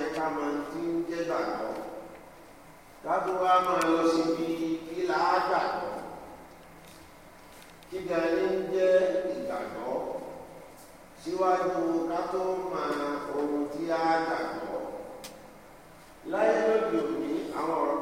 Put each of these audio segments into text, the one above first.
yẹ ká mọ tí ń jẹ́ gbàgbọ́ dábò wa máa lọ síbi kí là á kíga ní ń jẹ́ ìgbàgbọ́ síwájú ká máa ohun tí á gbàgbọ́ láyé lóde òní àwọn ọ̀rọ̀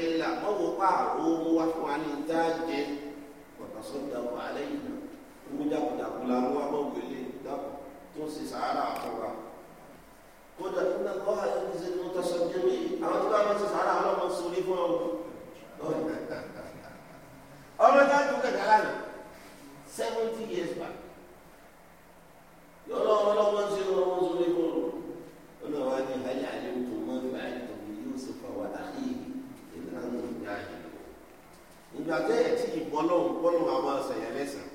lẹ́yìnlá wọ́n wò pa àrò owó wá fún wa ní ìta jẹ ọ̀tà sọ́dà wà lẹ́yìn náà owó jákèjàkú la wọ́n wá wọlé dákò tó ṣe sàárà àtọ́wà kódà tó náà kọ́ àyè ní sẹ́ni wọ́n tọ́sọ jẹ́mi àwọn tó bá wọn ṣe sàárà àwọn ọmọ sórí fún ọ ọmọ náà tó kẹ̀kẹ́ lánàá seventy years back yọ̀ọ́ lọ́wọ́ lọ́wọ́ ń ṣe ọmọ sórí fún ọ ọlọ́wọ́ á ní ayé àyè ń tó. ìlà yìí nígbà tẹ́ ẹ̀ tí ìbọn náà ń bọ́nù àwọn àṣàyàn lẹ́sàn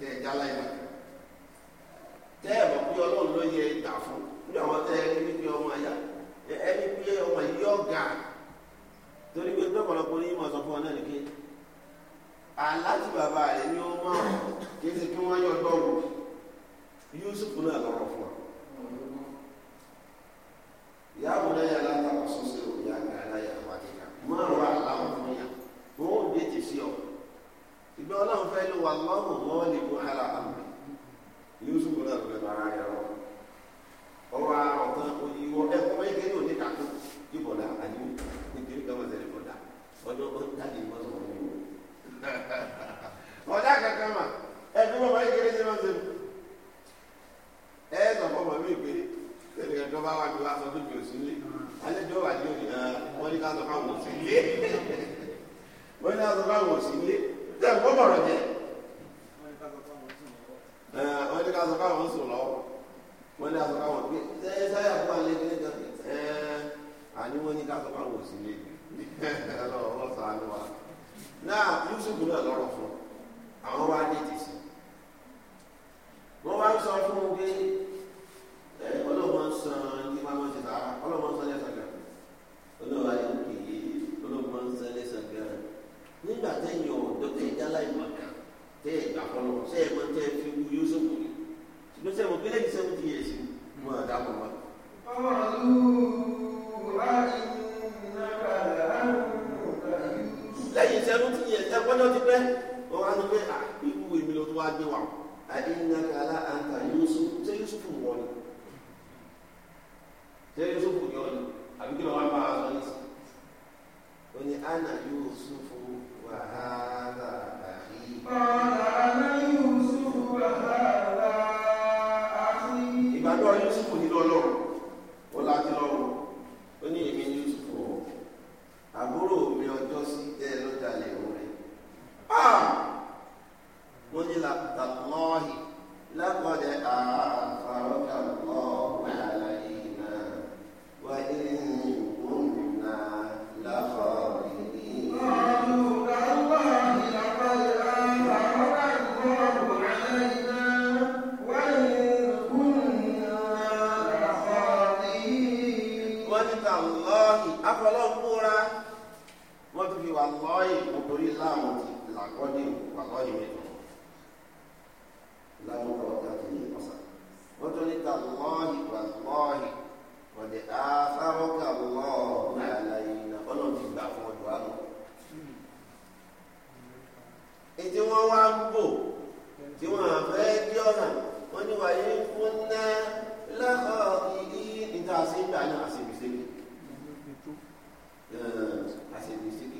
tẹ́ ẹ̀ já láì bàtà pé ọlọ́run ló yẹ ìgbà fún nígbà wọn tẹ́ ẹ ọmọ àyà ẹni pé ọmọ yìí ọ̀gá torí pé lọ́pọ̀lọpọ̀ ní ìmọ̀ sọ fún ọ náà ni aláti bàbá ni ó mọ̀ kí kí wọ́n yọ dọ́wọ́ Yusuf náà lọ́rọ̀ fún ìyá àbúrò máa rọ àláwọn fún yà wọn ò dé ti sí ọ ìgbà ọlọ́run fẹ́ ló wà lọ́wọ́ wọn lè bu ara àmì yusuf náà ló fẹ́ bá ara rẹ rọ ọwọ́ àrọ̀ kan ìwọ ẹ̀kọ́ méje ní òní kàkó ìbọ̀dà àyè nítorí kí wọ́n tẹ̀lé bọ̀dà ọjọ́ ọ̀dáàdì ìwọ sọ̀rọ̀ ní ìwọ. kankan mà ẹ̀dùn bàbá yìí kéré sí wọn sẹ́nu ẹ̀ẹ́dọ̀ fọmọ mi ìgbé tẹ̀lé kankan bá wà ní wàásù ọdún mi ò sí nílé alẹ́jọ́ wà ní òní náà wọ́n ní ká sọ fáwọn òsì ilé wọ́n ní ká sọ fáwọn òsì ilé tẹ̀ ń gbọ́mọ̀ rẹ̀ jẹ́ wọ́n ní ká sọ fáwọn òsì lọ́wọ́ wọ́n ní ká sọ fáwọn òsì ilé ẹ sáyà fún alẹ́ ní ẹ̀jẹ̀ ẹ̀ àní wọ́n ní ká sọ fáwọn òsì ilé ọlọ́run sàánú wa náà Yusuf náà lọ́rọ̀ fún àwọn wá dé tìsí wọ́n wá sọ fún un pé nígbà tẹ̀yìn ọ̀dọ́ tẹ̀ jálá ìmọ̀ká tẹ̀ ẹ̀gbà fọlọ́ ṣe é mọ tẹ̀ ni ṣùgbọ́n sẹ́mu kílẹ̀ ní sẹ́mu ti yẹ̀ sí mu àdá mọ̀ wá. lẹ́yìn sẹ́mu ti yẹ̀ ẹ gbọ́dọ̀ ti pẹ́ wọ́n wá ní pé à ah, ikú èmi ló tó wá gbé wa àdínnàkàlà àǹtà Yúsúfù ṣé Yúsúfù wọ̀ ni tẹ́lẹ̀ Yusuf ni ọ̀nà àbí kí ló wá bá a sọ ní sìn. ó ní ana Yusuf wa hadha akhi. ọ̀nà ana Yusuf wa hadha akhi. ìgbàgbọ́ Yusuf ní lọ́lọ́ ó láti lọ́rùn ó ní wàlọ́ọ̀yì mo torí láàmù ti làkọ́dì wàlọ́ọ̀yì mi tó lábùkù ọ̀gá tó yẹ kọ́sà wọ́n tó ní ta lọ́ọ̀yì wàlọ́ọ̀yì ọ̀dẹ̀ afárọ́kà lọ́ọ̀ọ́ àlàyé náà ọlọ́run ti gbà fún ọdún àná. ètí wọ́n wá ń bò tí wọ́n fẹ́ dí ọ̀nà wọ́n ní wàyé fún ná lọ́kọ̀ọ́ ìdí níta sí ìgbà náà àṣebìṣebì àṣebìṣebì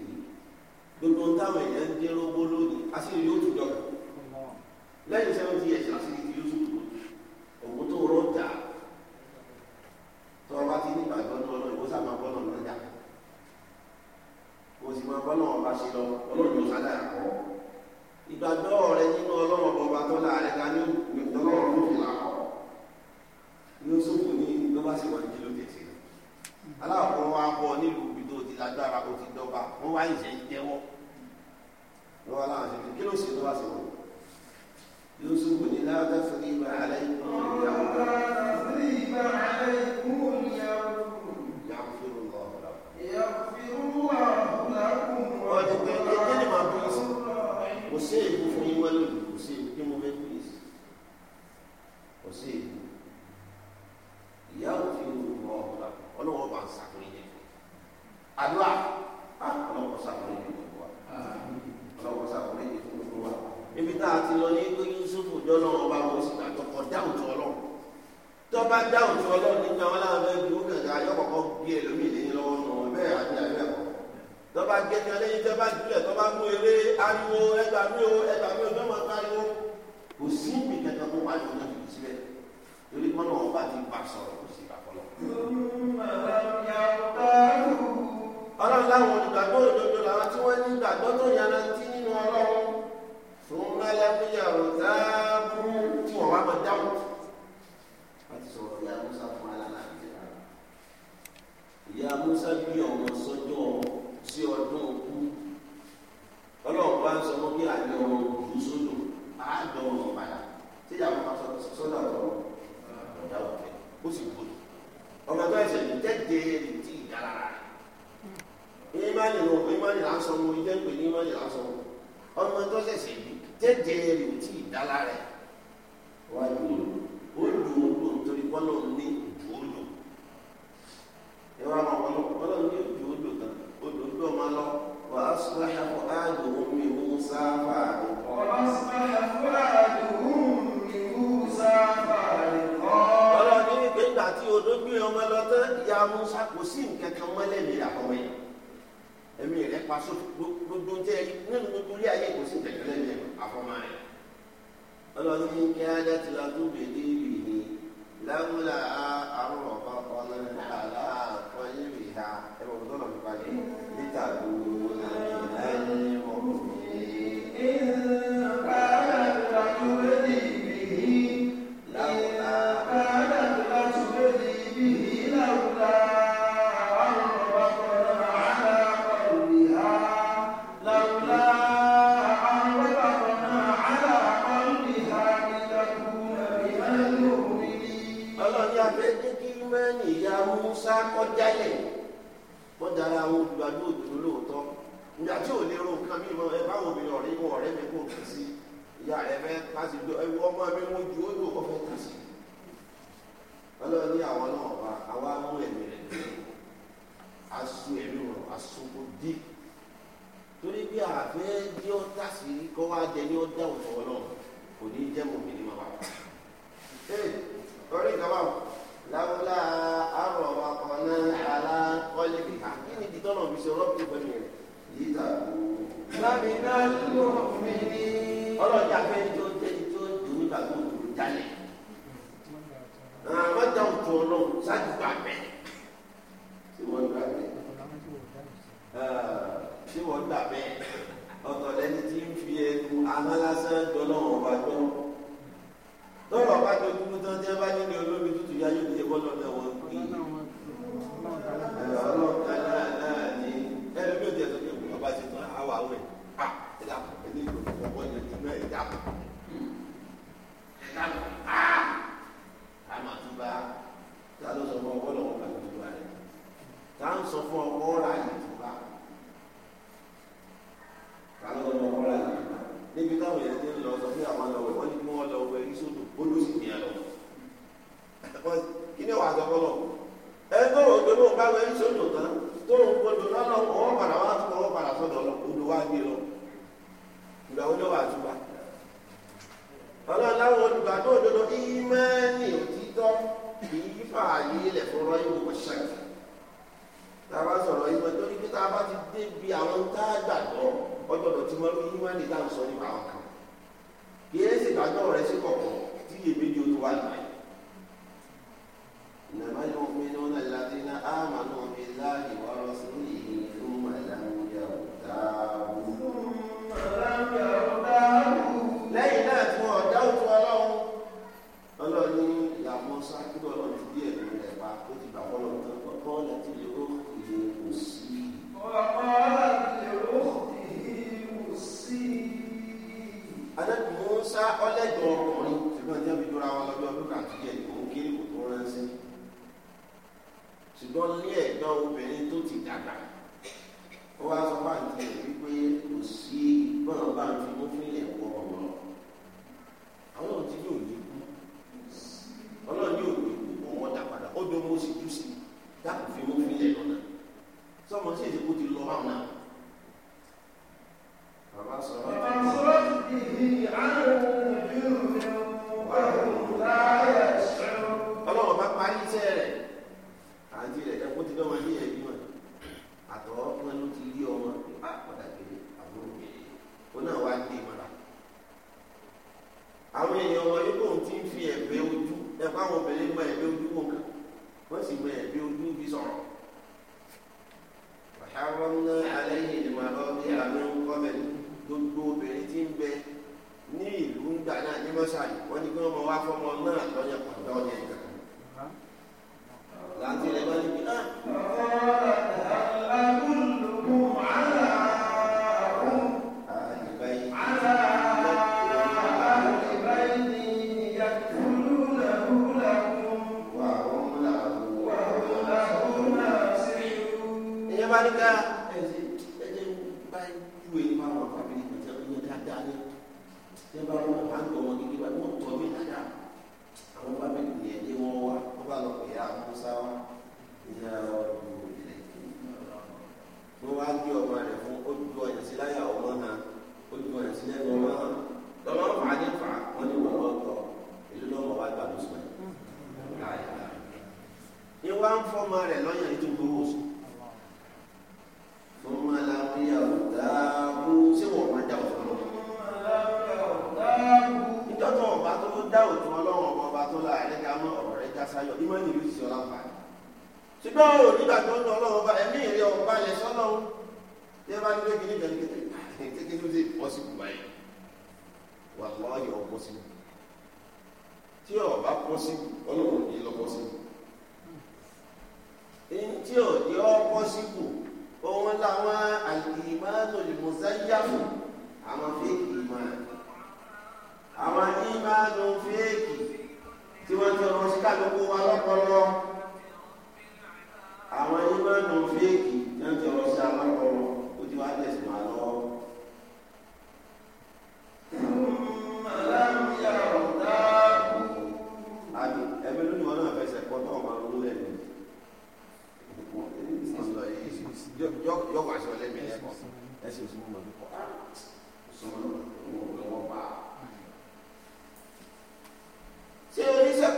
gbogbo táwọn èèyàn ń dín lówó lónìí àṣírí yóò tún dọ̀kọ̀ lẹ́yìn seventy years àṣírí ti yóò tún dọ̀kọ̀ òun tó rọ́ jà tó ọba ti ní ìgbàgbọ́ ní ọlọ́run ìwọ sábà bọ́ náà lọ́jà kò sì máa bọ́ náà ọba ṣe lọ ọlọ́run yóò sádà kọ́ ìgbàgbọ́ rẹ nínú ọlọ́run ọba tó láàrẹ ta ní ìgbàgbọ́ ọlọ́run tó anabi amusa kò sí nǹkan kan mọ́lẹ̀ mi àkọ́wé ẹ̀mí rẹ̀ pa so gbogbo tẹ nínú gbogbo ilé ayé kò sí nǹkan kan lẹ́nu àfọ́mọ́ rẹ̀ ọlọ́run ní kí ajá ti la tó bèèrè rì ní lámúlà àrùn ọ̀kọ̀ọ̀kan náà àlàáfọ̀ yìí rì ẹ̀rọ ọ̀dọ́ nípa ní gbogbo. dára àwọn olùgbàdo òdòdó lóòótọ́ ìgbà tí ò ní ro nǹkan mímọ ẹ bá wọn obìnrin ọ̀rẹ́ wọn ọ̀rẹ́ mi kò kù sí ìyá rẹ fẹ́ láti do ẹwú ọmọ mi wọn ju ó lò ọfẹ kù sí. ọlọ́run ní àwọn náà wá àwa mú ẹ̀mí rẹ̀ dé asu ẹ̀mí wọn asu kò dé torí pé àfẹ́ jẹ́ ọ́tà sí kọ́ wá jẹ ní ọ́dà ọ̀tọ̀ ọlọ́run kò ní jẹ́ mọ̀mí ní màmá. ọ̀rẹ́ ìkàwá wọn láwùlá àrọ̀ akọ̀nà àlá ọ̀lẹ́ kíkà kí ni ìdí tọ́nà fi ṣe rọ́pì pẹ̀lú rẹ̀ yìí ta. lámìnà ló mi ní. ọlọ́jà fẹ́ tó jẹ́ tó dùn tàbí òkú jalè. àwọn ọjà òtún ọlọ́run ṣáàjú gbà bẹ́. ṣé wọ́n gbà bẹ́? ṣé wọ́n gbà bẹ́? ọ̀tọ̀ lẹni tí ń fi ẹnu amálásán jọ náà wọ́n bá jọ lọ́rọ̀ ọba tó dúró tán tí wọ́n bá nílé olómi tútù yá yóò níye wọ́n pè é. ẹ̀rọ sọ fún ọkọ lọ́wọ́ pàtó tó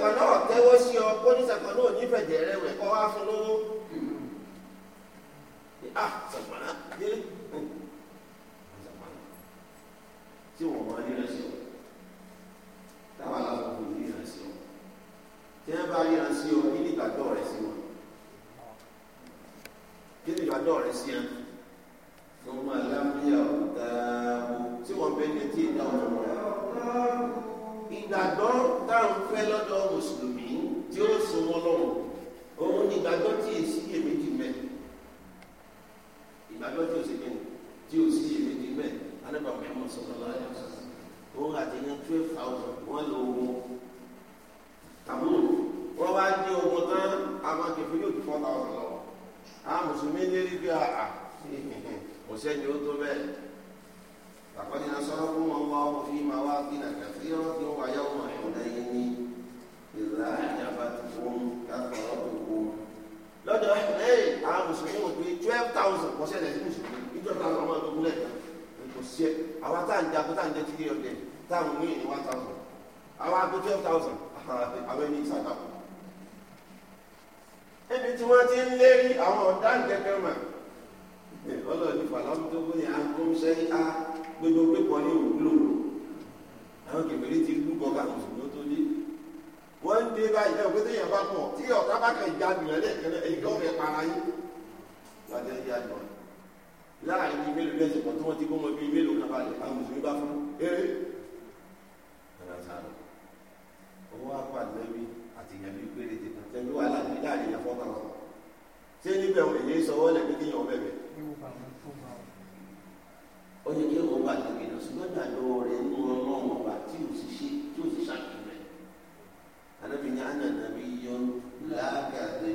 sàkàn náà tẹ́wọ́ sí ọ kó ní sàkàn náà ní fẹ̀jẹ̀ rẹ rẹ̀ kọ́ wá fún lówó a ah, sàkàn náà yé sàkàn náà tí wọ́n wọ́n rí sí ọ táwa làwọn kò rí sí ọ tí wọ́n bá rí sí ọ ní ìgbàgbọ́ rẹ̀ sí wọn kí ni ìgbàgbọ́ rẹ̀ sí ẹ. tó máa lámúyà ọ̀tá tí wọ́n bẹ́ẹ̀ ní tí ìdáhùn wọn ìgbàgbọ́ táwọn fẹ́ lọ́dọ̀ mùsùlùmí tí ó sun wọn lọ́wọ́ òun ni ìgbàgbọ́ tí èsì èméjì mẹ́ ìgbàgbọ́ tí òsì mẹ́rin tí òsì èméjì mẹ́ anábà Muhammad sallallahu alaihi wasallam òun àti ní twelve thousand wọ́n lò wọ́ tàbí wọ́n wá ní ogun tán àwọn akẹ́fẹ́ yóò di four thousand lọ́wọ́ àwọn mùsùlùmí lérí bí a kò sẹ́ni ó tó bẹ́ẹ̀. لقد نصركم الله في مواطن كثيرة ويوم حنين إذا أعجبتكم كثرتكم lọ́jọ́ ẹ̀ẹ́d àwọn mùsùlùmí wò pé twelve thousand kò ṣẹlẹ̀ sí mùsùlùmí ní twelve thousand ọmọ ọdún lẹ́ẹ̀ta kò sí ẹ̀ àwa tá à ń jagun tá à ń jẹ́ three hundred tá à ń wíyìn ní one thousand àwa àgbo twelve thousand àwọn ẹni ìsàkàkọ̀. níbi tí wọ́n ti ń lérí àwọn ọ̀dá ìdẹ́gbẹ̀rún ọlọ́ọ̀ni fàlámù ń ṣe á gbogbo pípọ̀ ní ìwúlò àwọn kèfèrè ti lúgọ káwọn mùsùlùmí tó dé wọ́n ń dé báyìí náà pé téèyàn bá pọ̀ tí ọ̀tá bá kàn já jùlọ lẹ́ẹ̀kẹ́lẹ́ èyí kan fẹ́ para yín lọ́dẹ yá jọ láàrin bíi mélòó lẹ́sẹ̀ pọ̀ tí wọ́n ti kó wọn bíi mélòó kan balẹ̀ àwọn mùsùlùmí bá fún eré ẹ̀rọ sáré owó apàdé mi àti ìyàmí péré ti kàn tẹ́lú wàhálà nígbà yẹn fọ́kàn sọ ṣé níbẹ̀ òun èyí sọ wọ́lẹ̀ pé kéèyàn bẹ̀bẹ̀ ó yẹ kí ẹ̀wọ̀n bá gbègbè lọ sí lọ́jà lọ́wọ́ rẹ̀ nínú ọlọ́run ọba tí ò sì ṣe tí ò sì ṣàkíyàn rẹ̀ anábìyàn ànàdàbí yọ lágàdé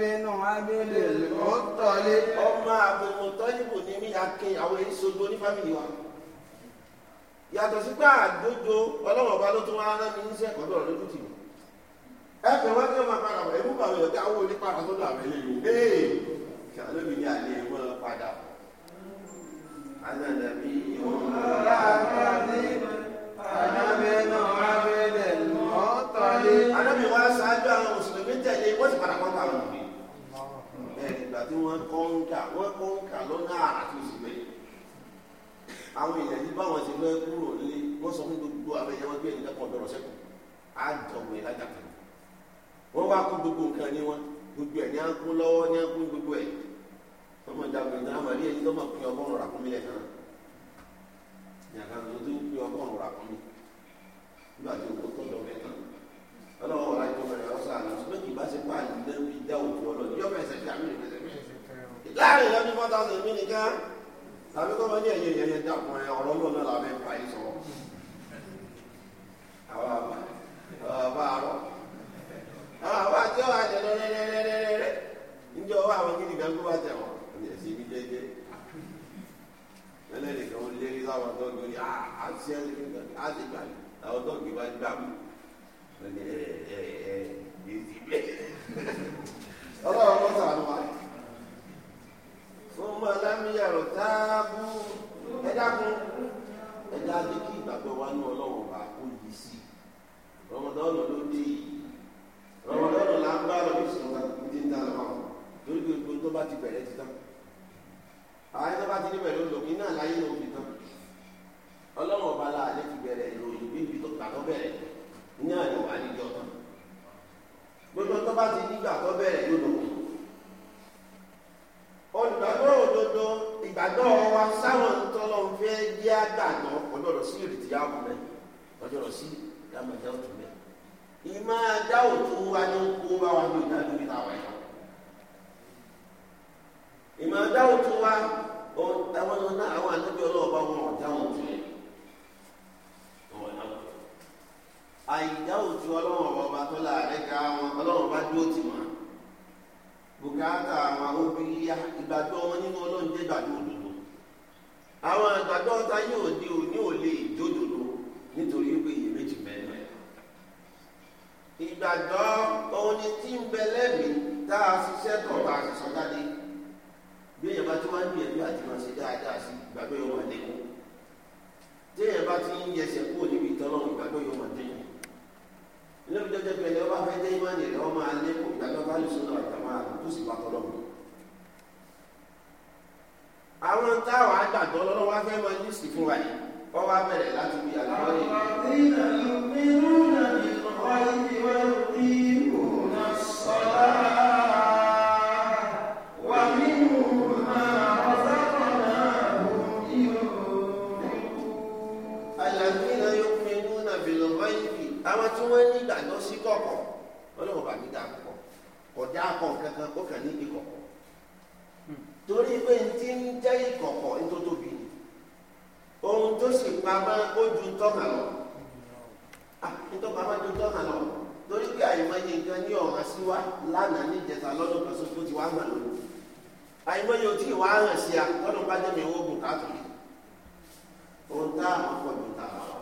bínú abílẹ̀ ó tọ́lé. ọmọ àbùkù tọ́lìbù ni mí akin àwọn èyí sojú ní fámìlì wa. yàtọ̀ sí pé àdójó ọlọ́wọ̀n ọba ló tún wá rán mi níṣẹ́ ọ̀dọ́ rẹ̀ lójú tì mí. ẹ fẹ́ wá kí wọ́n máa padà bọ̀ ẹ̀mú bàbá yọ̀dá owó ní padà tó dà mẹ́lẹ̀ yìí. ee kí alóbi ní àlè wọn padà. alẹ́dàbí ìwọ̀n. anábì wa ṣáájú àwọn mùsùlùmí tẹ̀lé wọ́n ti padà pọ̀ ìgbà tí wọ́n kọ́ ń kà wọ́n kọ́ ń kà lọ́nà àwọn èèyàn yìí báwọn ti fẹ́ kúrò lé wọ́n sọ fún gbogbo àwọn èèyàn wọn gbé ẹnìkan kan bẹ̀rọ̀ sẹ́kù á jọ̀wọ́ wọ́n wá kó gbogbo nǹkan ní wọn gbogbo ẹ̀ ní lọ́wọ́ ní gbogbo ẹ̀ ọmọ ìjàgbọ̀n ẹni tó máa ọgọ́rùn-ún rà fún mi láàrin lọ́dún four thousand mí nìkan tàbí kọ́ mọ́ ní ẹ̀yẹ ẹ̀yẹ dàpọ̀ ẹ̀ ọ̀rọ̀ lọ́nà làbẹ́ pa yìí sọ. àwọn àbá àwọn àbá àrọ àwọn àbá tí ó wà jẹ lẹ́lẹ́lẹ́lẹ́lẹ́ níjọ wà àwọn gidi kan kó wà jẹ wọn ní ẹsẹ̀ ibi jẹjẹ. ẹlẹ́rìí kan ó lérí láwọn tó ń gbé á ti ẹ́ á ti gbà láwọn tó ń gbé wá gbà mí. ẹ ẹ ẹ ẹ ẹ ọlọ́run kọ́ sàánú wa fún ọmọ alámìyàrá táàbù ẹ dákun ẹ dá jẹ́ kí ìgbàgbọ́ wa ní ọlọ́run bá kó yìí sí rọmọdọ́nù ló dé yìí rọmọdọ́nù là ń bá lọ bí sùn ní ní dáná wọn lórí gbogbo tó bá ti bẹ̀rẹ̀ ti tán àwọn ẹni tó bá ti ní bẹ̀rẹ̀ olùkí náà láyé ló fi tán ọlọ́run ọba la àlẹ́ ti bẹ̀rẹ̀ ìròyìn bí ibi tó gbà tó bẹ̀rẹ̀ ní àyẹ̀wò àdìjọ tán gbogbo tó bá ti nígbà tó bẹ̀rẹ̀ yóò lòkùn olùgbàgbọ́ òdodo ìgbàgbọ́ wa sáwọn ntọ́lọ́n fẹ́ jẹ́ àgbàgbọ́ ọjọ́rọ̀ sí ìrètí àwọn mẹ́ sí ìdámọ̀jẹ́ òtún mẹ ìmọ̀ ajá òtún wa ló ń kó bá ní ìdájọ́ bí táwa ìmọ̀ wa àwọn àwọn ọlọ́ọ̀bá wọn òtún ọba tó ká wọn bá dúró tì bùkátà àwọn obìnrin ìgbàgbọ́ wọn nínú ọlọ́run jẹ́ ìgbàgbọ́ òdodo àwọn ìgbàgbọ́ ọ̀tá yóò di òní ò lè jódodo nítorí pé iyèméjì bẹ́ẹ̀ rẹ̀ ìgbàgbọ́ ni tí ń bẹ lẹ́mìí tá a ṣiṣẹ́ tọ̀ a jáde bí èèyàn bá ti wá ń gbìyànjú àti máa ṣe dáadáa sí ìgbàgbọ́ yóò máa bá ti ń yẹsẹ̀ kúrò níbi ìtọ́lọ́run ìgbàgbọ́ yóò máa ilé ìjọ jẹ́ pẹ̀lẹ́ ọba fẹ́ jẹ́ ìmánì rẹ̀ ọmọ alẹ́ kò ìdájọ́ bá lè sọ́nà àjàmá tó sì pàtó lọ́wọ́. àwọn táwọn àgbàdo ọlọ́run wá fẹ́ máa ní ìsìn fún wa yìí wọ́n wá bẹ̀rẹ̀ láti bí àlọ́ kọjá kan kankan ó kàn ní ìkọ̀kọ̀ torí pé n ti ń jẹ́ ìkọ̀kọ̀ n tó tóbi ni ohun tó sì pamọ́ ó ju tọ́ka lọ ntọ́pamọ́ ju tọ́ka lọ torí pé àyèmọ́yé nǹkan ní ọ̀hún síwá lánàá ní ìjẹta lọ́dún kan sóko tí wàá hàn lónìí àyèmọ́yé òtí wàá hàn sí a lọ́dún bá mi owó bùkátù yìí ohun tá a máa pọ̀ ju tààrà wa.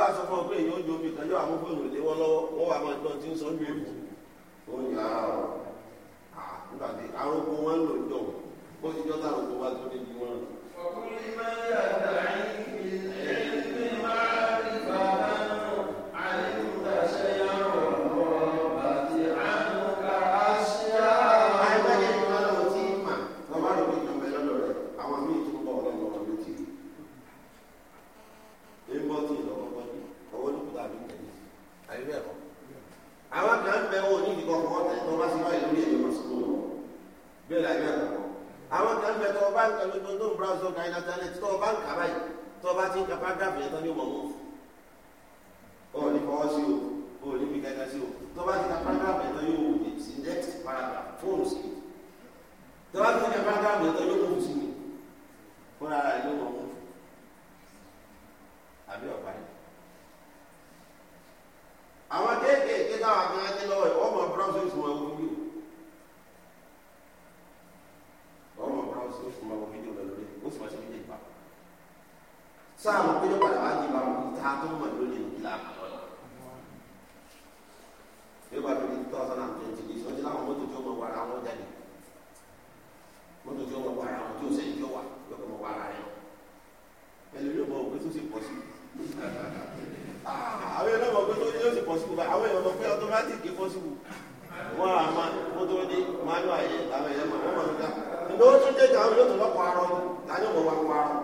bá sọ fún ọ pé èyí ó ju omi kan yóò àwọn fóònù léwọ́ lọ́wọ́ wọ́n wà máa gbọ́n tí ń sọ ní orí ó ní ara ah, ah, ọ̀ nígbà tí arógbó wọn lò jọ ó ti jọ́ táwọn tó wá tó débi wọn. ọkùnrin máa ń yàtọ̀ àyíkú. of Nigerian talent tó o bá ń kà báyìí tó o bá ti ń ka paragraph yẹn tán ní ìmọ̀ mọ́ọ̀fù o ní fọwọ́ sí o o ní fi gẹ́gẹ́ sí o tó o bá ti ka paragraph yẹn tán yóò wò ní sí next paragraph fóònù sí i tó o bá ti ka paragraph yẹn tán yóò mú sí mi fúnra rẹ̀ yóò mọ̀ mọ́ọ̀fù àbí ọ̀pá yẹn àwọn kéékèèké táwọn akẹ́kẹ́ ẹni lọ́wọ́ ẹ̀ ọmọ bronze fún ẹ̀ wọ́n fídíò ọmọ bronze fún ẹ̀ wọ́n fídíò lọ́lọ́dẹ kò sí wá sí méjèèjì pa sáà mo péjọ padà wá di ìbá mo ta tó mọ̀ lórí ìlà àmọ́ yóò bá tóbi two thousand and twenty days wọ́n ti láwọn mọ́tò tí ó mọ̀ wàrà wọn jáde mọ́tò tí ó mọ̀ wàrà wọn tí ó sẹ́yìn tí ó wà yóò kọ́ mọ̀ wàrà yóò tún dé ìjà yóò tún lọ́kọ̀ arọ láyé ọmọ wa kọ arọ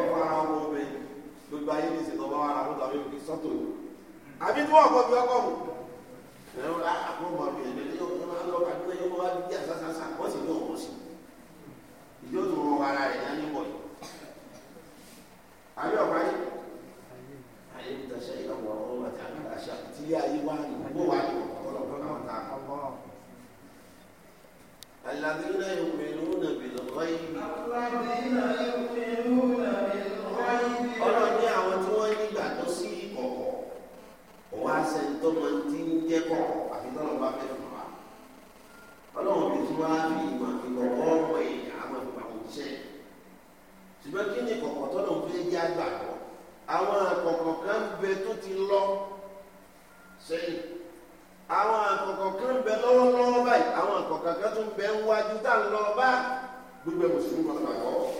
ọkọ ara ọmọ obìnrin gbogbo ayé ní ìsìn lọ́wọ́ ara mú tàbí òkè sọ́tò yìí àbí tí wọ́n kọ́ bí ọkọ̀ mu ẹ̀rọ àpò ọmọ mi ẹ̀mí ní ọkọ̀ máa ń lọ kàdé lẹ́yìn ọmọ wa ní bí àṣàṣàṣà wọ́n sì ní ọmọ sí ìdí ó tún rọ ara rẹ̀ yá nímọ̀ yìí àbí ọ̀pá yìí ayé mi tàṣà ìyàwó ọ̀rọ̀ àti àgbàṣà tí ilé ayé wá ní gbogbo wa ní ọ̀pọ̀lọpọ̀ náà ta ọmọ الذين يؤمنون بالغيب الذين يؤمنون بالغيب ọlọ́run ní àwọn tí wọ́n nígbàgbọ́ sí ìkọ̀kọ̀ òun á ṣe tó máa ti ń jẹ́ kọ̀kọ̀ àfi tọ́lọ́ bá fẹ́ fún wa ọlọ́run bí tí wọ́n á fi ìmọ̀ ìkọ̀kọ̀ ọ̀pọ̀ èèyàn á máa gbà wọ́n ṣẹ́ kí ni kọ̀kọ̀ tọ́lọ́ fẹ́ jẹ́ àgbàgbọ́ àwọn àkọ̀kọ̀ kan bẹ tó ti lọ sẹ́yìn àwọn àkọ́kọ́ kan ń bẹ lọ́wọ́lọ́wọ́ báyìí àwọn àkọ́kọ́ kan tún bẹ wájú tá ń lọ bá gbogbo mùsùlùmí kan gbàgbọ́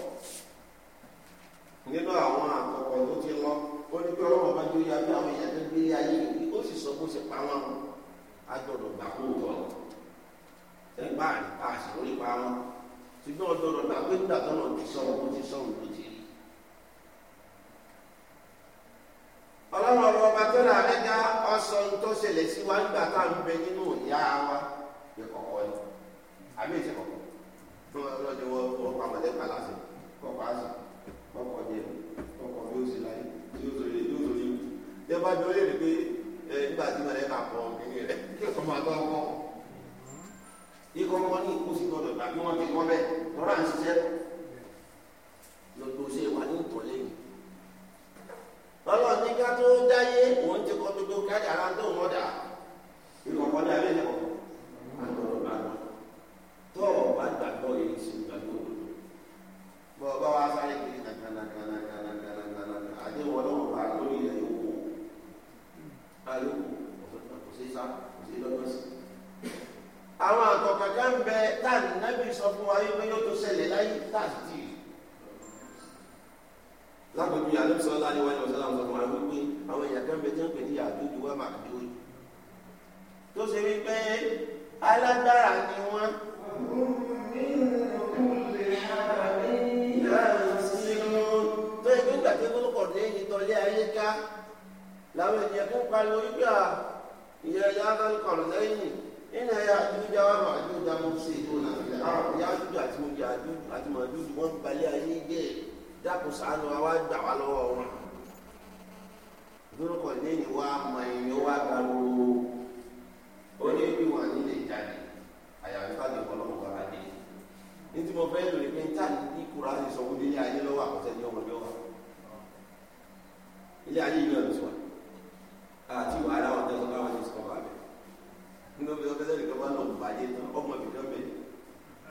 nínú àwọn àkọ́kọ́ tó ti lọ ó ní pé ọlọ́wọ́ bá dóyà bí àwọn èèyàn tó gbé ayé rẹ̀ ó sì sọ bó ṣe pa wọn a gbọ́dọ̀ gbà kó wọ̀ ẹgbàá àṣírí pa wọn ṣùgbọ́n ọdọ̀ ọ̀dọ̀ àgbẹ̀gbà tó náà ti sọ̀rọ̀ bó ti sọ̀rọ̀ bó ti ọlọ́run ọ̀rọ̀ ọba tó rà rẹ̀ dá ọsọ tó ṣẹlẹ̀ sí wa nígbà tá à ń bẹ nínú ìyá wa ní kọ̀kọ́ ni àbí ìṣe kọ̀kọ́ fún ọlọ́dẹ wọ ọkọ̀ àmọ̀lẹ́kà láti kọ̀kọ́ àṣà kọ̀kọ́ jẹ kọ̀kọ́ bí ó ṣe láyé tí ó sọ̀rọ̀ èdè òṣòro yìí tẹ bá jọ lè rí pé ẹ nígbà tí mọ̀lẹ́kà kọ̀ ọ̀gbìn rẹ̀ kí ọmọ àtọ́ ọkọ̀ ikọ̀ ọkọ̀ ní ìkóṣí gbọdọ̀ tàbí ọlọ́run ní ká tó dáyé òun ti kọ́ gbogbo kájà ara tó wọ́n dà ìkọ̀kọ́ ní abẹ́lẹ̀ kọ̀ọ̀kan àtọ̀rọ̀ bá wọn tó bá gbàgbọ́ yìí sí gbàgbọ́ sọlá ní wàhálà ọ̀sán àwọn ọ̀sán àwọn wípé àwọn èèyàn kan bẹ tí wọ́n pè ní yàtúndù wà máa dúró tó ṣe wípé alágbára ni wọ́n. bẹ́ẹ̀ nígbà tí wọ́n kọ̀ ní ìtọ́lé ayé ká làwọn èèyàn tó ń pariwo wípé ìyá ìyá bá ń kọ̀rọ̀ nínú ẹ̀yà àdúgbò wa máa dúró dáa sí ìdúró náà ìyá àdúgbò àti mọ̀ àti mọ̀ àdúgbò balẹ̀ ayé bẹ́ẹ̀. dákun ṣàánú wa wá gbà wá lọ́wọ́ wọn dúró kọ̀ lẹ́yìn wa mọ ẹ̀yìn wa gba wà nílé jáde àyàfi ká lè kọ́lọ́mù wa adé ní tí mo fẹ́ lórí pé níta ní kura ti sọ délé ayé lọ́wọ́ àkọsẹ́ ní ọmọ ilé ayé wà àti wọn ti nínú fẹ́ bàjẹ́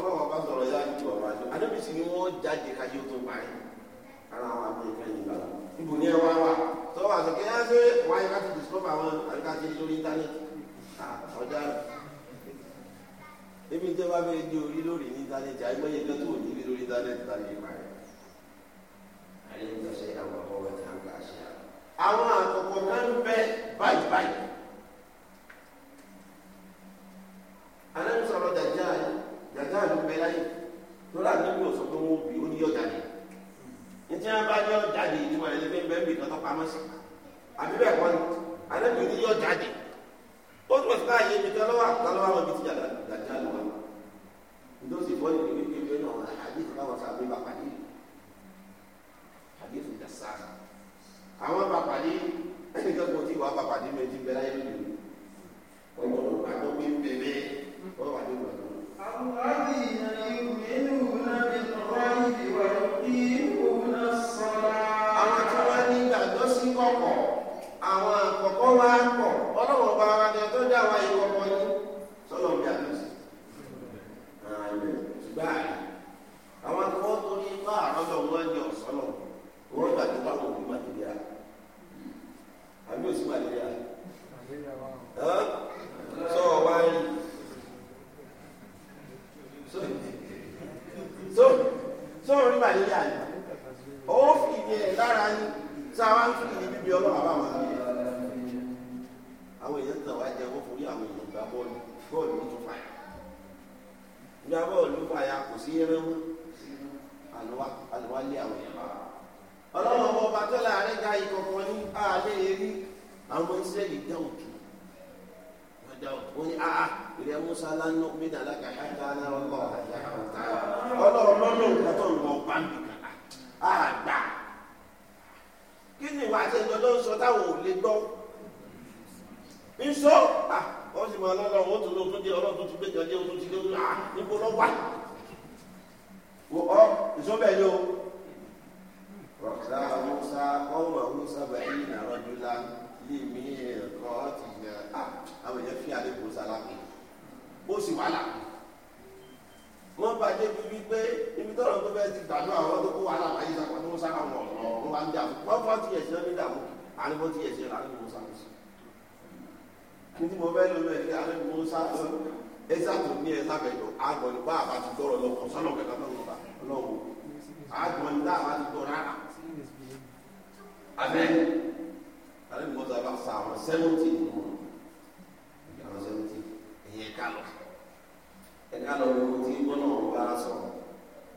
ọlọ́wọ́n bá sọ̀rọ̀ yá ju ọ̀rọ̀ àjọ àdébí sì ni wọ́n jáde káyé tó pa yín ara àwọn àmì ìkànnì ìgbàlá ibò ní ẹwà wa tọ́wọ́ àtọ̀kẹ́ yá ṣe wáyé ká ti dìsọ́pọ̀ àwọn àríkájẹ́ lórí íńtánẹ́ẹ̀tì ọjà ebi tẹ́ bá fẹ́ di orí lórí íńtánẹ́ẹ̀tì àyè mọ́yẹ́ tó ní lórí íńtánẹ́ẹ̀tì tàbí ìmọ̀ rẹ̀ wàhálà wọ́n bá débi wípé ibi tọ́lọ̀ tó bẹ́ẹ̀ ti gbàdúrà àwọn tó kó wàhálà láyé sàkó tó ń sá àwọn ọ̀rọ̀ wọn bá ń dà wọ́n fọ́ ti yẹ̀sẹ̀ ní dàmú àní bó ti yẹ̀sẹ̀ láti mú sá lọ́sọ̀ nítorí mo bẹ́ẹ̀ ló bẹ́ẹ̀ ní alẹ́ mú sá lọ́sọ̀ ẹ̀sà tó ní ẹ̀sà bẹ̀jọ àgbọ̀n ní bá àbá ti tọrọ lọ sọ́nà kẹta tó ń bá lọ́wọ́ àgbọ̀n ní àbá ti tọrọ rárá àbẹ́ alẹ́ mú sá ká lọ wo tí bọ́lá wọn bá sọ̀rọ̀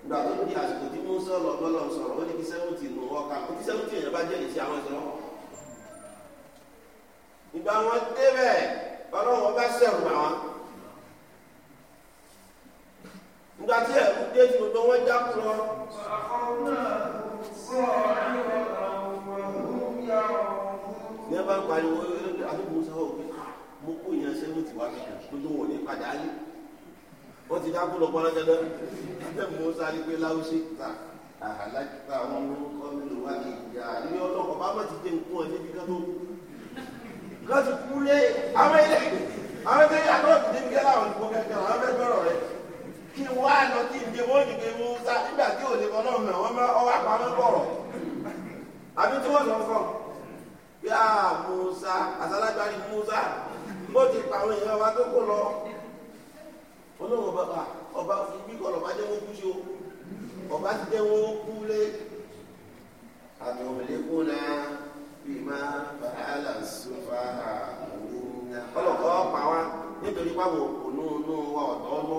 ìgbà tó di àsìkò tí mo ń sọ̀rọ̀ bọ́lá sọ̀rọ̀ ó ní kí sẹ́wọ́ntì ló wọ́ ká kó tí sẹ́wọ́ntì yẹn bá jẹ́rìí sí àwọn ìṣòro. ìgbà wọn débẹ̀ bọ́lá wọn bá sẹ̀rù àwọn. ìgbà tí ẹ̀rù dé tí gbogbo wọn já kúrọ. ní ẹ bá ń pariwo àbí ah, mo sọ ọ pé mo kó ìyẹn sẹ́wọ́ntì wá kí gbogbo wọn ní padà á yé wọ́n ti dákú lọ pọ́nrẹ́gẹ́dẹ́ Musa mọ́sá ni pé láwùsí ta àhàlákìtà àwọn orúkọ mi ló wá ní ìyá ní ọlọ́kọ̀ bá má ti dé nǹkú ẹ̀ níbi kan tó kú. láti kú lé àwọn ilé àwọn ilé àtọ́ ti dé nígbà láwọn ìbò kẹkẹ àwọn fẹ́ gbọ́rọ̀ rẹ̀ kí wọ́n á lọ kí n dé wọ́n nìgbè mọ́sá nígbà tí ò ní kọ́ náà mẹ́ wọ́n má ọwọ́ àpamọ́ bọ̀rọ̀ àbí tí wọ́n lọ fọ́ bí a Musa àtàlágbárí Musa ó ti pa àwọn èèyàn wa tó kó lọ olóhùn ọba wa ah, ọba ibi kọ lọba jẹ wọn kú sí o ọba ti jẹ wọn kú lé àmì òmìnirikú náà bí máa bàálà sọfà àmúna. ọlọ́kọ́ pa wá nítorí pàwọn òkùnú inú wa ọ̀dọ́ ọmọ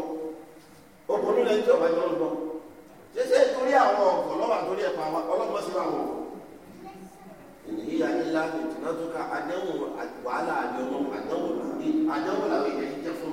òkùnú lẹ́yìn tí ọba yọ ọ́ lọ ṣẹṣẹ torí àwọn ọkọ̀ lọ́wọ́ àtòrí ẹ̀pà wa ọlọ́mọ sí wa wọ̀ ìyá ńlá ìtùnátùkà àdéhùn wàhálà àdéhùn àdéhùn làwọn èèyàn jẹ fún.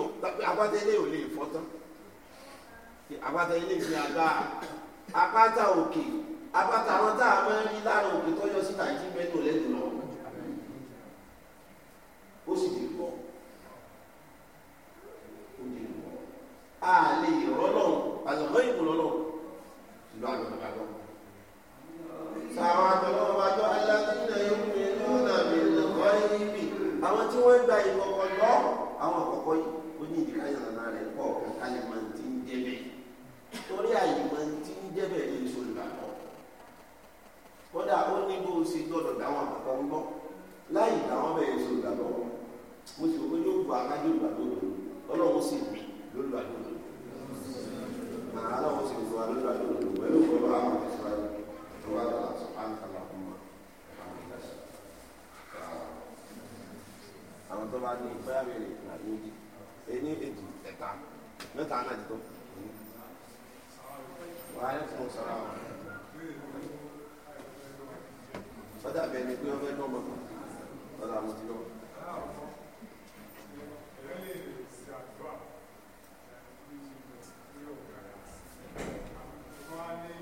o àpáta ilé o lè fọ́ tán àpáta ilé ìfẹ́ àgbà àpáta òkè àpáta àwọn tá a máa ń rí lára òkè tó yọ síta ìdí mẹ́tò lẹ́nu lọ ó sì lè bọ̀ ó lè bọ̀ a lè yọ̀rọ̀ náà àtọ̀kọ́ ìbò lọ́nà ìlú àgbà bàbá lọ. sàwọn àtọ̀kọ́ bàbá lọ aláàbínà yóò fi lọ́nà mi lọ́kọ́ yìí bì àwọn tí wọ́n gba ìkọ̀kọ̀ lọ àwọn àkọ́kọ́ yìí. torí àyùmọ̀ tí ń jẹ́ bẹ̀rẹ̀ èso ìgbàgbọ́ kódà ó ní bó o ṣe gbọ́dọ̀ dáwọn àkọ́kọ́ ń gbọ́ láì dáwọn bẹ̀rẹ̀ èso ìgbàgbọ́ mo sì wọ́n yóò bu akájú ìgbàgbọ́ ọlọ́run sì wí lórí àdúgbò màá lọ́wọ́ sì wà lórí àdúgbò pẹ̀lú ìfọwọ́ àwọn ìṣòro ìwà àgbà sọ̀kàǹkàlà kùmà àwọn ìdásí àwọn tó bá ní ìpẹ́yàwó èyí èjì ẹ̀ta mẹ́ta náà ti tó. Wàhálẹ́kùn sọ̀rọ̀ àwọn. Fọ́dà bẹ́ẹ̀ ni pé wọ́n fẹ́ dọ́mọ. Fọ́dà mo ti dọ́mọ. Thank you.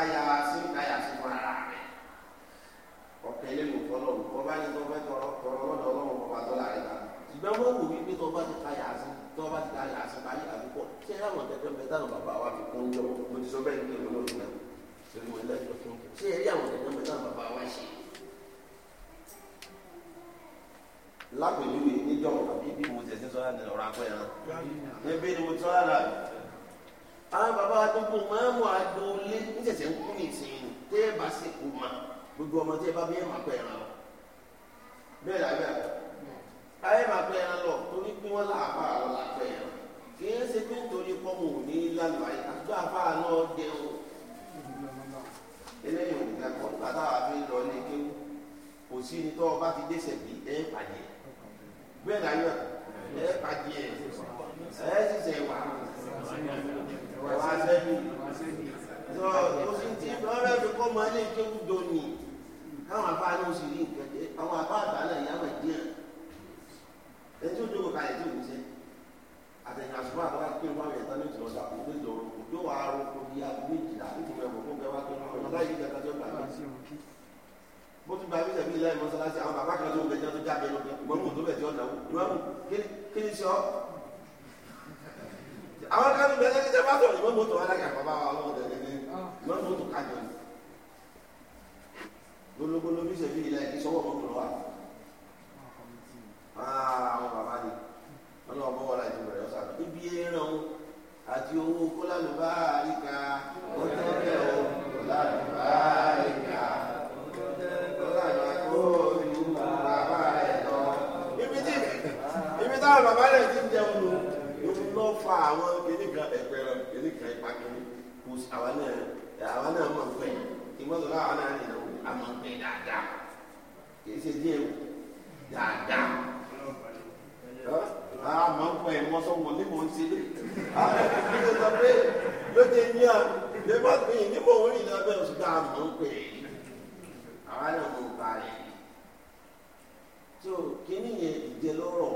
bá ya sí ìgbà yà sí fún ara rẹ̀ ọ̀kẹ́ lẹ́nu ìfọlọ́ wọn bá ní tó fẹ́ tọrọ tọrọ lọ́dọ̀ ọlọ́run ọba tó láàrin náà ṣùgbọ́n wọ́n wò wípé tó bá ti ka yà sí tó bá ti ka yà sí báyìí àti pọ̀ ṣé àwọn kẹ̀kẹ́ mẹ́ta náà bàbá wa fi kún yọ mo ti sọ bẹ́ẹ̀ ní ìlú lọ́dún náà ìlú ilé ìjọsìn ṣé ẹ̀rí àwọn kẹ̀kẹ́ mẹ́ta náà bàbá wa ṣe. lápèjúwe níjọ́ àbí bí mo tẹ̀sí sọ́lá ní ọ̀rọ̀ akọ́yà náà ẹbí ni mo tọ́lá náà àwọn bàbá wa tó kún mọ́mú adóolé ń ṣẹ̀ṣẹ̀ ń kú nìsín tẹ́ ẹ bá sì kú mà gbogbo ọmọ tí ẹ bá bí ẹ máa pẹ́ ẹran lọ bẹ́ẹ̀ lábẹ́ àgbà ayé máa pẹ́ ẹran lọ torí pé wọ́n láàbà àwọn làpẹ́ ẹran kì í ṣe pé nítorí pọ́mù ní lálùbá yìí àti àbá náà dẹ̀wọ̀ eléyìí ò ní ká bàtà wà fi lọ ní kéwù kò sí ní tọ́ ọba ti dẹ́sẹ̀ bí ẹ pàdé bẹ́ẹ̀ láyọ̀ ẹ ẹ ẹ sì wá sẹ́yìn tó o sì ti lọ́rẹ́ fi kọ́ máa lé kéwù dòní káwọn afá ní oṣù yìí nǹkan dé àwọn afá àgbà náà ìyá wọn díẹ̀ ẹtí ojú kò kalẹ̀ tí o ní sẹ́ àtẹ̀yìn àsùnmọ́ àbúrò àti kéwù àwọn ẹ̀tọ́ ní ìtọ́ ọ̀dà kò ní ìtọ́ ọ̀rọ̀ yóò wá arọ kò ní aago méjìlá nítorí ẹ̀wọ̀n fún bẹ́ẹ̀ wá tó náà ọ̀dà yìí kẹta tó gbà mí. mo tún gba mi sẹ́bi ilé ẹ̀ mọ́sálásí àwọn bàbá kan tó ń bẹ̀ jẹ́ tó jáde lọ́kẹ́ ìgbọ́n mò ń tó bẹ̀ jẹ́ ọ̀dà wò àwọn kan bẹ ẹni tẹ bá tọ ìmọ̀ mọ́tò alága bàbá wa ọlọ́wọ́ tẹ̀lé ní ah. ìmọ̀ mọ́tò kájọ ni gbologolo bí sẹ́fì ilẹ̀ kí sọ́wọ́ mọ́tò lọ́wọ́ ah. Ah, àwọn bàbá ni ọlọ́wọ́ bọ́wọ́ la ìdìbò rẹ̀ ọ̀sán ibi ẹran àti owó kólálùbá àríkà ọ̀tẹ́tẹ́ ọ̀ kólálùbá àríkà ọ̀tẹ́tẹ́ ọ̀ ibi táwọn bàbá rẹ̀ ti nípa àwọn kìnnìkan ẹ̀pẹ̀rẹ̀ kìnnìkan ìpàkìnnì kò sí àwa náà àwa náà mọ̀ pẹ́ ìmọ̀lọ́lá àwa náà nìyẹn wò á mọ̀ pẹ́ dáadáa kì í ṣe díẹ̀ wò dáadáa a mọ̀ pẹ́ mọ́sọ́mọ́ ní mò ń ṣe lé àwọn ọmọ pé lóde ní à lè má pè é ní mò ń rìn lábẹ́ oṣù tá a mọ̀ pẹ́ àwa náà mọ̀ ń parí so kí nìyẹn ìjẹ́ lọ́rọ̀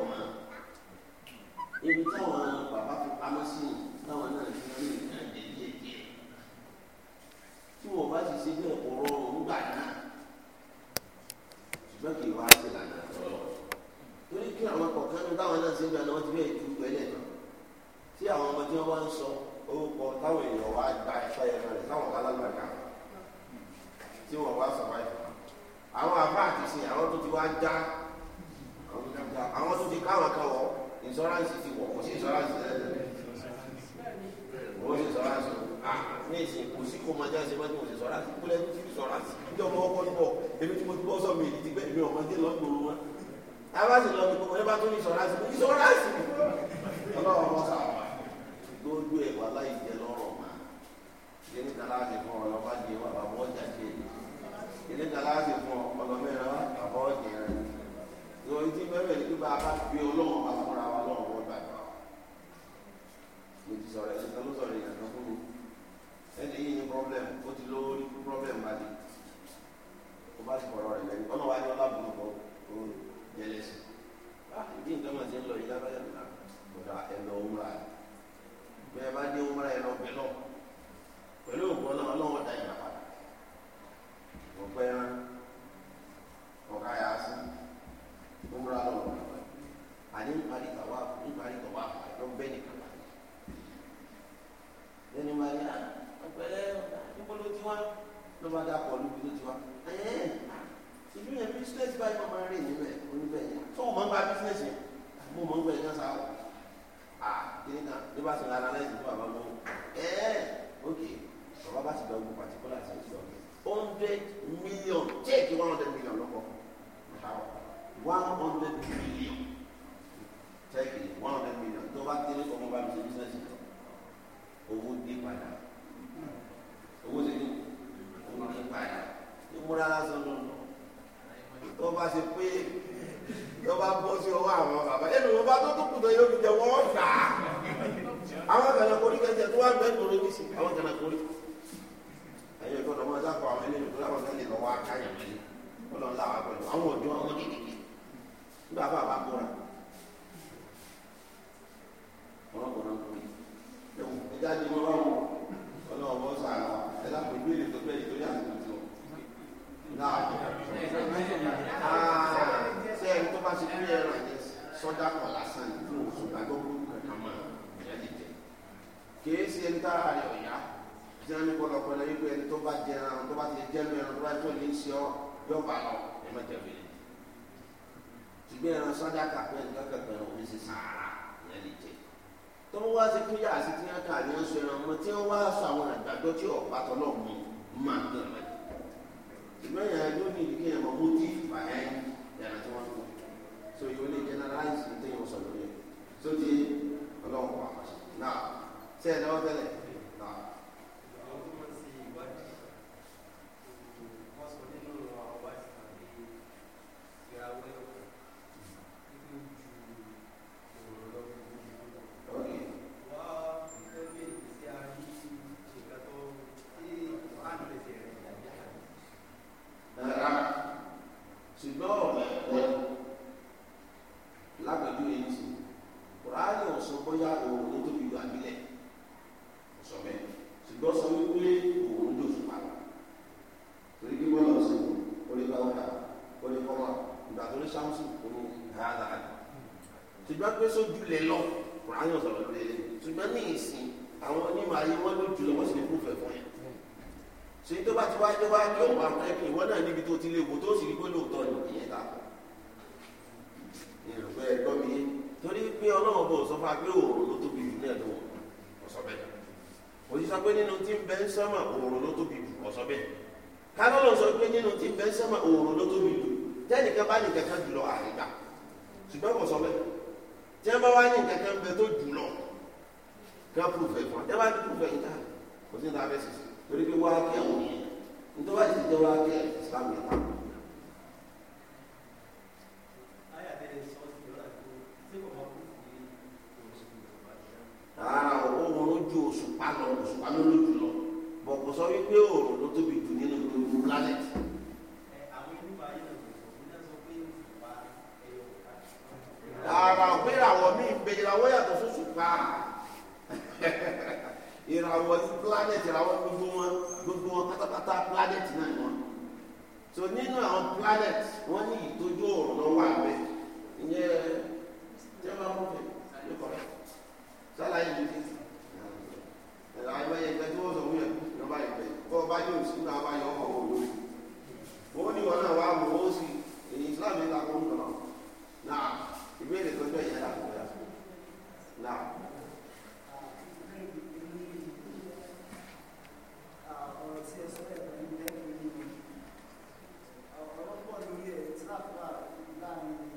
ebi táwọn bàbá fi pamọ́ sí i táwọn náà ti rí nǹkan ẹ̀jẹ̀ díẹ̀ díẹ̀ tí wọ́n bá ti ṣe bẹ́ẹ̀ kọ́ rọrùn nígbà náà ṣùgbọ́n kì í wá sí ìlànà ọ̀rọ̀ torí kí àwọn kọ̀ọ̀kan ní táwọn náà ṣe bẹ́ẹ̀ náà wọ́n ti bẹ́ẹ̀ ju gbẹ́lẹ̀ náà tí àwọn ọmọ tí wọ́n bá ń sọ orúkọ táwọn èèyàn wá gba ẹ̀fọ́ rẹ̀ táwọn bá tí wọ́n wá sọ̀rọ̀ ẹ̀fọ́ àwọn àbá àtìsìn insurance ti wọ̀ kò sí insurance lẹ́lẹ̀ o ṣe insurance o ah ní ìsìn kò sí kó máa jẹ́ o ṣe insurance kó lẹ́nu ti insurance ní ọmọ ọkọ ní bọ̀ èmi tí mo ti bọ́ sọ mi èdè ti gbẹ èmi ọmọdé lọ gbòòrò wọn tábà sì lọ mi kókò nípa tó ní insurance kò insurance ọlọ́run ọmọ sáà gbogbo ẹ̀ wà láì jẹ lọ́rọ̀ máa yé ní kálá ti fún ọlọ́pàá ìwọ ní ti bẹ́ẹ̀ ní pípa bá gbé ọlọ́run bá fúnra wa lọ́rùn wọ́n gbàgbọ́ mo ti sọ̀rọ̀ ẹ̀sìn kan ló sọ̀rọ̀ ìyàn kan fún mi ẹni yìí ní problem ó ti lówó ní problem bá di ó bá ti kọ̀rọ̀ rẹ̀ lẹ́yìn ọlọ́wà ni ọlábùnú kọ́ ó yẹlẹ̀ sí ìdí nǹkan mà ti ń lọ ìyá báyà nà kódà ẹ lọ òmùra bẹ́ẹ̀ bá dé òmùra ẹ lọ pẹ̀lú òkú ọlọ́run ọlọ́run dá ìyàpá ọ̀pẹ́ ẹran yà á sí múra lọ àní níparí tàwa níparí tàwa ló bẹ nìkan wà lẹni máa ní àpẹẹrẹ níbo ló ti wá ló máa dà pọ̀ níbi tó ti wá ẹ̀ẹ́n ìlú yẹn bísíǹnẹsì báyìí máa máa rìn níbẹ̀ oníbẹ̀ yẹn tó o máa ń gba bísíǹnẹsì yẹn mo máa ń gbẹ ẹ̀yán sáà à kíni náà ní bá ti lára láì nígbà bá mọ́ ẹ̀ẹ́n ókè bàbá bá ti dọ̀gbù pàtíkọ́lá ti ń hundred million check one hundred million lọ́kọ̀ọ́ 100 trillion turkey 100 million tó bá délé ọmọ bá mi ṣe business lọ owó dé padà owó ṣe dé owó dé padà ìmúra lásán ló lọ tó bá ṣe pé tó bá bọ́ sí ọwọ́ àwọn bàbá ẹnu wọn bá tó tó kùtọ̀ yóò fi jẹ wọ́n fà á àwọn kànáà kórìí kẹjẹ tó wà gbẹ́ kórìí ní sí àwọn kànáà kórìí ẹ̀yìn ìfọ̀dọ̀mọ́sá kọ àwọn ẹlẹ́yìn tó láwọn sẹ́yìn lọ́wọ́ akáyọ̀ mi ọlọ́ọ̀lá wa pẹ̀lú àwọn ọ̀dọ́ àwọn kékeré nígbà bá a bá bọ̀ra wọn bọ̀ra ń kúrò ẹwù ẹjá di wọn báwọn ọlọ́wọ́ bọ́ sàn án ẹ lápò ìlú èrè tó bẹ́ẹ̀ ìtòrí àtúntò tó náà ah, ṣe ẹni tó bá ṣe pé ẹ̀rọ ẹ̀jẹ̀ sọ́jà kọ̀ lásán ìlú oṣù gbàgbọ́ burúkú kankan mọ́ ẹ̀jẹ̀ jẹ kìí ṣe ẹni tá a rẹ̀ ọ̀yá tí wọ́n ní pọ̀lọpọ̀ lẹ́yìn pé ẹni tó bá jẹ ẹran tó bá ti jẹ́ ẹran tó bá tó ní í ṣe ọ yóò bá lọ ẹ̀mẹ́jẹ̀ bẹ̀rẹ̀ ìgbé ẹran sọ́jà kàpẹ́ nǹkan kẹ̀kẹ́ ẹran omi sí sàárà ìyẹn lè jẹ tó ń wá sí kúnyà àti tí wọn kà ní ọsọ ẹran ọmọ tí wọn wá sọ àwọn àgbàdo tí ọ̀pá tọ́lọ̀ mú máa gbé ọmọ yìí ṣùgbọ́n ìyá ẹjọ́ ní ìdíkẹ́ ẹ̀mọ́ mọ́tì ìfàyà ẹ̀rọ tí wọ́n kú so ìwé lè generalize ní tẹ́yìn sọ lórí ẹ̀ tó di ọlọ́run pa àṣẹ náà ṣe ẹ̀dá wọ́n tẹ́lẹ̀ náà. Thank you. sọ bóyá òun ló tóbi lu abilẹ̀ sọ bẹ́ẹ̀ ṣùgbọ́n sọ wípé òun lò fún wa torí bí wọ́n lọ sí olùkọ́ ọ̀dà olùkọ́ wa ìgbà tó ní sáwùsì kúrò dáadáa rẹ̀ ṣùgbọ́n pé sójú lè lọ kùránì ọ̀sọ̀rọ̀ lè lè ṣùgbọ́n ní ìsìn àwọn onímọ̀ ayé wọ́n ló jùlọ wọ́n sì lè kú fẹ̀ fún yẹn ṣèyí tó bá ti wáyé tó bá yọ̀ wá fẹ́ kí ìwọ náà níbi tó ti léwu tó sì rí pé lóòótọ́ ni ìyẹn ta pé ọlọ́run bò sọ fún wa pé òòrùn ló tóbi jù náà ló wọ̀ ọ̀sọ́ bẹ́ẹ̀ òyìn sọ pé nínú tí ń bẹ ń sọ́mà òòrùn ló tóbi jù ọ̀sọ́ bẹ́ẹ̀ kálọ́lọ́ sọ pé nínú tí ń bẹ ń sọ́mà òòrùn ló tóbi jù tẹ́nìkan bá nìkan kan jùlọ àrígbà ṣùgbọ́n kò sọ bẹ́ẹ̀ tí wọ́n bá wá ní nǹkan kan bẹ tó jùlọ kan púrúfẹ̀ fún wa tí rárá òun lójú òṣùpá lọ òṣùpá ló lójú lọ bọ̀ kò sọ wípé òòrùn ló tóbi jù nínú gbogbo planet. rárá òpé ìràwọ̀ mi ń bẹ ìràwọ̀ yàtọ̀ fún òṣùpá ìràwọ̀ sí planet ìràwọ̀ gbogbo wọn gbogbo wọn pátápátá planet náà ni wọn so nínú àwọn planet wọn ní ìtọ́jú òòrùn lọ́wọ́ àbẹ ìyẹn jẹ́ máa mú mi ní kọ́lá sálàyé mi ti ti ẹ̀rọ ayọ́yẹ ìgbẹ́ tí wọ́n sọ fún yẹn ìjọba ìgbẹ́ kó o bá yóò sí náà bá yọ ọkọ̀ wọn lórí wọn ní wọn náà wá wọ ó sì èyí Islam ní kakó ń tọ̀nà náà ìbéèrè tó jẹ́ ìyá àkókò yà náà. ọ̀rọ̀ tí ẹ sọ ẹ̀ pẹ̀lú